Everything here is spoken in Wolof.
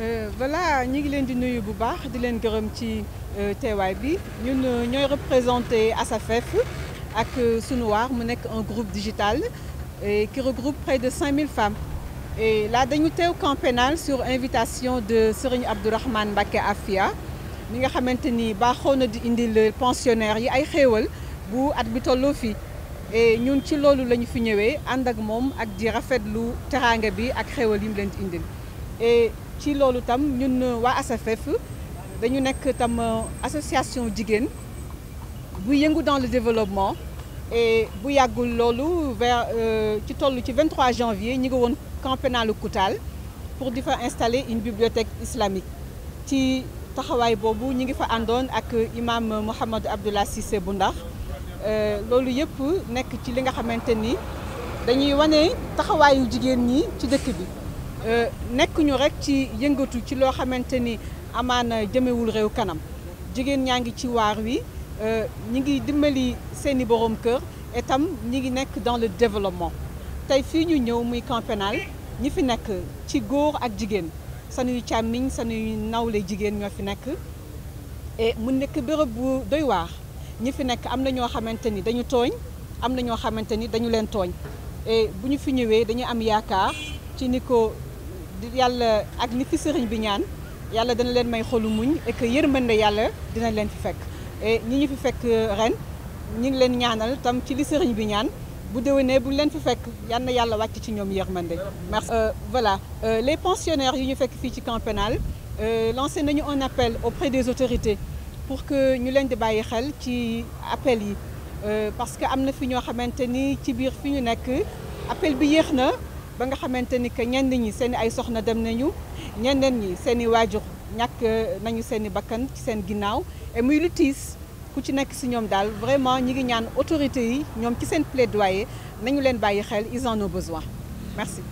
Euh, voilà ñu ngi leen di nuyu bu baax di leen gërëm ci euh, teewaay bi ñun euh, ñooy représenté ASAFEF ak Sunewar mu nekk un groupe digital et qui regroupe près de 5000 femmes et là dañu teew camp pénal sur invitation de Serigne Abdourahmane Mbacké Afia mi nga xamante ni baaxoo na di indil pensionnaires yi ay xéewal bu at bi tolloo fii e ñun ci loolu la ñu fi ñëwee ànd ak moom ak di rafetlu teraanga bi ak xéewal yi mu leen di indil ci loolu tam ñun euh, waa ASAFEF dañu nekk tam euh, association jigéen bu yëngu dans le développement e bu yàggul loolu vers euh, ci toll ci 23 janvier ñi ngi woon camp pénalu Koutal pour di fa installer une bibliothèque islamique ci taxawaay boobu ñi ngi fa àndoon ak imam Mouhamadou Abdullah Cissé bu ndax loolu yëpp nekk ci li nga xamante ni dañuy wane taxawaayu jigéen ñi ci dëkk bi Euh, nekkuñu ñu rek ci yëngatu ci loo xamante ni amaana jëmewul réew kanam jigéen ñaa ngi ci waar wi euh, ñi ngi dimbali seeni borom kër itam ñi ngi nekk dans le développement tey fii ñu ñëw muy camp ñi fi nekk ci góor ak jigéen sanuy càmmiñ sanuy nawle jigéen ñoo fi nekk mu nekk béréb bu doy waar ñi fi nekk am na ñoo xamante ni dañu tooñ am na ñoo xamante ni dañu leen tooñ et bu ñu fi ñëwee dañu am yaakaar ci ni di yàlla ak ni fi sëriñ bi ñaan yàlla dana leen may xolu muñ et que yërmande yàlla dina leen fi fekk et ñi ñu fi fekk ren ñi ngi leen ñaanal tam ci li sëriñ bi ñaan bu déwénee bu leen fi fekk yal yàlla wàcc ci ñoom yërmande merci euh, voilà euh, les pensionnaires yi ñu fekk fii ci camp pénal euh, lancé nañu un appel auprès des autorités pour que ñu leen di bàyyi xel ci appel yi parce que am na fi ñoo xamante ni ci biir fi ñu nekk appel bi yéex na ba nga xamante ni que ñenn ñi seeni ay soxna dem nañu ñeneen ñi seen i waajur ñàkk nañu seen i bakkan ci seen ginnaaw et muy lu tiis ku ci nekk si ñoom daal vraiment ñi ngi ñaan autorité yi ñoom ci seen plaidoyer nañu leen bàyyi xel ils en ont besoin merci